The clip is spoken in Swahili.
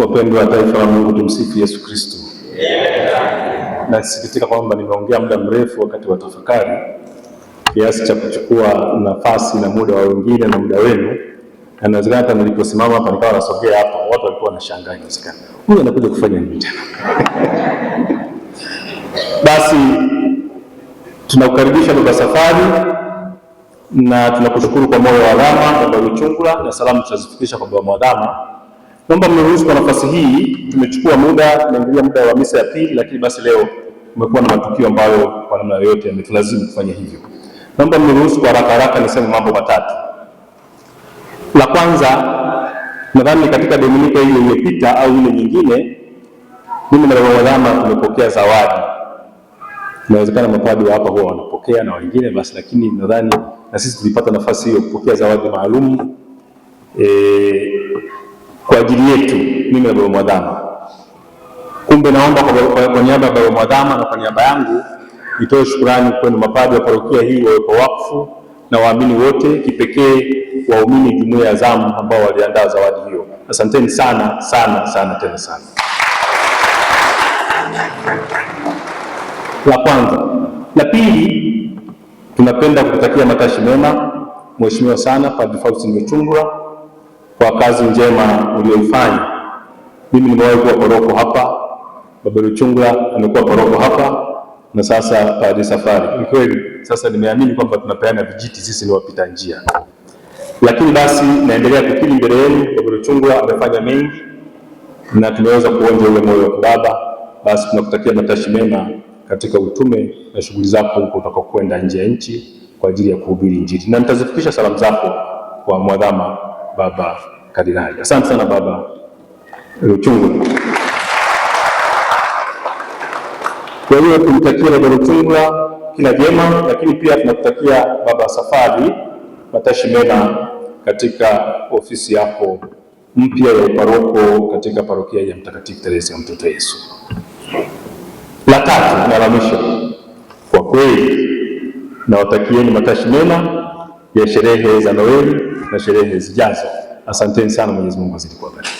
Wapendwa wa taifa la Mungu, tumsifu Yesu Kristo. Nasikitika kwamba nimeongea muda mrefu wakati wa tafakari kiasi cha kuchukua nafasi na muda wa wengine na muda wenu, na nawezekana hata niliposimama hapa nikawa nasogea hapa, watu walikuwa wanashangaa, inawezekana huyu anakuja kufanya nini tena? Basi tunakukaribisha baba safari na tunakushukuru kwa moyo wa dhama baba Luchungula, na salamu tunazifikisha kwa baba Mwadhama Naomba mniruhusu kwa nafasi hii, tumechukua muda, tumeangalia muda wa misa ya pili, lakini basi leo kumekuwa na matukio ambayo kwa namna yoyote yametulazimu kufanya hivyo. Naomba mniruhusu kwa haraka haraka niseme mambo matatu. La kwanza, nadhani katika Dominika hii iliyopita au ile nyingine, mimi na baba tumepokea zawadi. Inawezekana mapadri wa hapa huwa wanapokea na wengine basi, lakini nadhani na sisi tulipata nafasi hiyo kupokea zawadi maalum eh kwa ajili yetu mimi na baba mwadhama. Kumbe naomba kwa niaba ya baba mwadhama na kwa niaba yangu nitoe shukurani kwenu mapadri wa parokia hii wawepo wakfu na waamini wote, kipekee waumini jumuiya ya zamu ambao waliandaa zawadi hiyo. Asanteni sana sana sana tena sana. La kwanza. La pili, tunapenda kutakia matashi mema mheshimiwa sana Padre Faustin Mchungwa kwa kazi njema uliyoifanya. Mimi nimewahi kuwa paroko hapa, Baba Luchungula amekuwa paroko hapa na sasa Padre Safari. Ni kweli sasa nimeamini kwamba tunapeana vijiti, sisi ni wapita njia. Lakini basi naendelea kukiri mbele yenu, Baba Luchungula amefanya mengi na tumeweza kuonja ule moyo wa baba. Basi tunakutakia matashi mema katika utume na shughuli zako huko utakokwenda nje ya nchi kwa ajili ya kuhubiri Injili, na nitazifikisha salamu zako kwa mwadhama Baba Kardinali. Asante sana Baba Luchungula. Kwa hiyo tunamtakia Baba Luchungula kila jema, lakini pia tunakutakia Baba Safari matashi mema katika ofisi yako mpya ya uparoko katika parokia ya Mtakatifu Teresa ya Mtoto Yesu. La tatu mwisho, kwa kweli, nawatakieni matashi mema ya sherehe za Noeli na sherehe zijazo. Asanteni sana, Mwenyezi Mungu azidi kuwabariki.